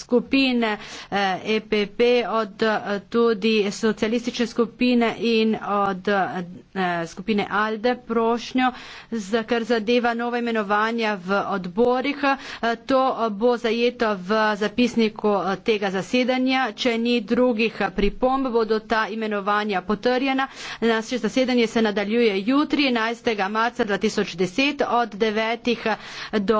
skupine EPP, eh, e od eh, tudi socialistične skupine in od eh, skupine ALDE prošnjo, kar zadeva nove imenovanja v odborih. To bo zajeto v zapisniku tega zasedanja. Če ni drugih pripomb, bodo ta imenovanja potrjena. Naše zasedanje se nadaljuje jutri, 11. marca 2010, od 9. do